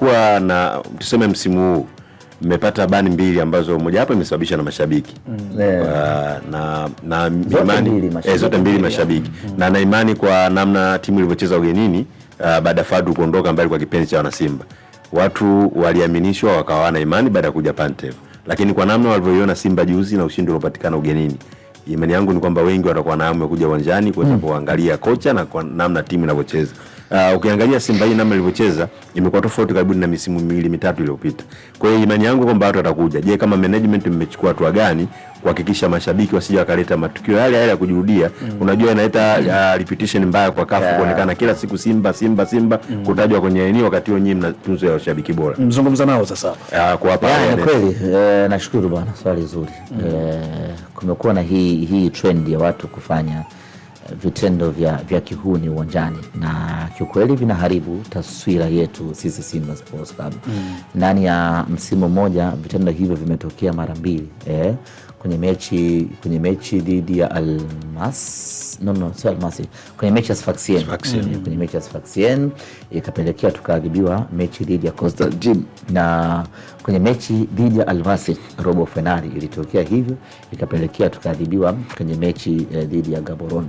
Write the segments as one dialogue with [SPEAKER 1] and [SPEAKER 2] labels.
[SPEAKER 1] mmekuwa na tuseme, msimu huu mmepata bani mbili ambazo mojawapo imesababishwa na mashabiki
[SPEAKER 2] mm. Eh, yeah. uh,
[SPEAKER 1] na, na zote
[SPEAKER 2] imani, mbili eh, mashabiki, eh, zote mbili mashabiki.
[SPEAKER 1] Mm. na na imani kwa namna timu ilivyocheza ugenini uh, baada ya Fadu kuondoka mbali kwa kipenzi cha wanasimba watu waliaminishwa wakawa na imani baada ya kuja Pantev, lakini kwa namna walivyoiona Simba juzi na ushindi uliopatikana ugenini, imani yangu ni kwamba wengi watakuwa na hamu ya kuja uwanjani kuweza mm. kuangalia kocha na kwa namna timu inavyocheza. Uh, ukiangalia Simba hii namna ilivyocheza imekuwa tofauti karibu na misimu miwili mitatu iliyopita. Kwa hiyo imani yangu kwamba watu watakuja. Je, kama management mmechukua hatua gani kuhakikisha mashabiki wasije wakaleta matukio yale yale ya kujirudia? mm. Unajua inaleta uh, mm. ah, repetition mbaya kwa kafu yeah. Kuonekana kila siku Simba Simba Simba mm. kutajwa kwenye eneo wakati wenyewe mna tunzo ya washabiki bora.
[SPEAKER 2] Mzungumza nao sasa.
[SPEAKER 1] Uh, kwa
[SPEAKER 3] hapa yeah, kweli e, nashukuru bwana, swali zuri. Mm. E, kumekuwa na hii hii trend ya watu kufanya vitendo vya, vya kihuni uwanjani na kiukweli vinaharibu taswira yetu sisi Simba Sports Club. Mm. Ndani ya msimu mmoja vitendo hivyo vimetokea mara mbili eh, kwenye mechi kwenye mechi dhidi ya Almas no, no, sio Almasi, kwenye mechi ya Sfaxien eh, mm. kwenye mechi ya Sfaxien ikapelekea tukaadhibiwa mechi dhidi ya Coastal Gym, na kwenye mechi dhidi ya Alvasi robo fainali ilitokea hivyo, ikapelekea tukaadhibiwa kwenye mechi eh, dhidi ya Gaborone.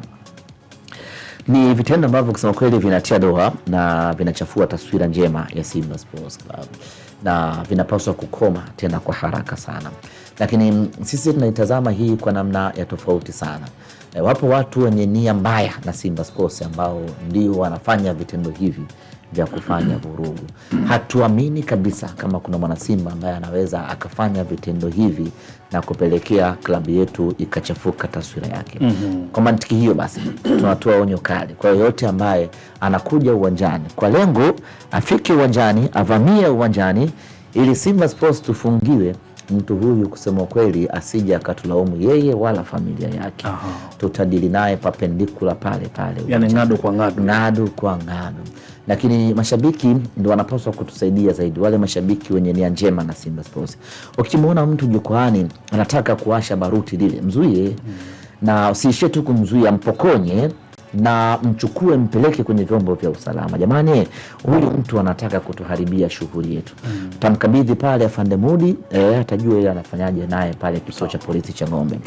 [SPEAKER 3] Ni vitendo ambavyo kusema kweli vinatia doha na vinachafua taswira njema ya Simba Sports Club na vinapaswa kukoma tena kwa haraka sana, lakini sisi tunaitazama hii kwa namna ya tofauti sana. E, wapo watu wenye nia mbaya na Simba Sports ambao ndio wanafanya vitendo hivi vya kufanya vurugu. Hatuamini kabisa kama kuna mwanasimba ambaye anaweza akafanya vitendo hivi na kupelekea klabu yetu ikachafuka taswira yake. mm -hmm. Kwa mantiki hiyo basi, tunatoa onyo kali kwa yoyote ambaye anakuja uwanjani kwa lengo afike uwanjani, avamie uwanjani ili Simba Sports tufungiwe mtu huyu kusema kweli asije akatulaumu yeye wala familia yake. Aha. Tutadili naye papendikula pale pale,
[SPEAKER 2] yani ngado kwa ngado,
[SPEAKER 3] ngado kwa ngado. Lakini mashabiki ndo wanapaswa kutusaidia zaidi, wale mashabiki wenye nia njema na Simba Sports. Ukimwona mtu jukwaani anataka kuasha baruti lile, mzuie. Hmm. Na usiishie tu kumzuia, mpokonye na mchukue mpeleke kwenye vyombo vya usalama. Jamani, huyu mtu anataka kutuharibia shughuli yetu. mm. Tamkabidhi pale afande Mudi eh, atajua ile anafanyaje naye pale kituo cha polisi cha Ng'ombe.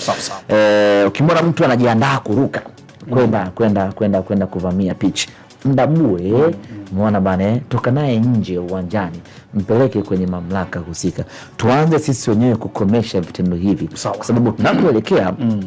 [SPEAKER 3] Eh, ukimwona mtu anajiandaa kuruka kwenda mm. kwenda kwenda kwenda kuvamia pichi mdabue mm, mm. Mwona eh, toka naye nje uwanjani, mpeleke kwenye mamlaka husika. Tuanze sisi wenyewe kukomesha vitendo hivi, kwa sababu tunapoelekea mm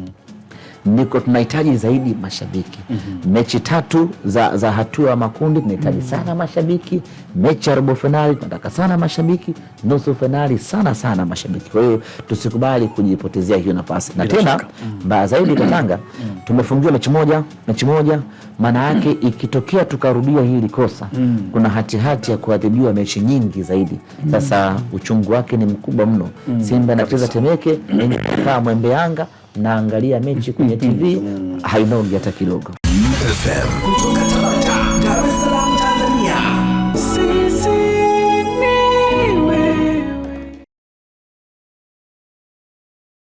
[SPEAKER 3] ndiko tunahitaji zaidi mashabiki mm -hmm. Mechi tatu za, za hatua ya makundi tunahitaji mm -hmm. sana mashabiki. Mechi ya robo fainali tunataka sana mashabiki, nusu fainali sana sana mashabiki. Kwa hiyo tusikubali kujipotezea hiyo nafasi, na tena mm -hmm. mbaya zaidi Katanga mm -hmm. tumefungiwa mechi moja, mechi moja, maana yake mm -hmm. ikitokea tukarudia hili kosa mm -hmm. kuna hatihati ya kuadhibiwa mechi nyingi zaidi. Mm. Sasa uchungu wake ni mkubwa mno. mm. Simba anacheza Temeke, Yanga Mwembe Yanga naangalia mechi kwenye TV hainogi hata kidogo.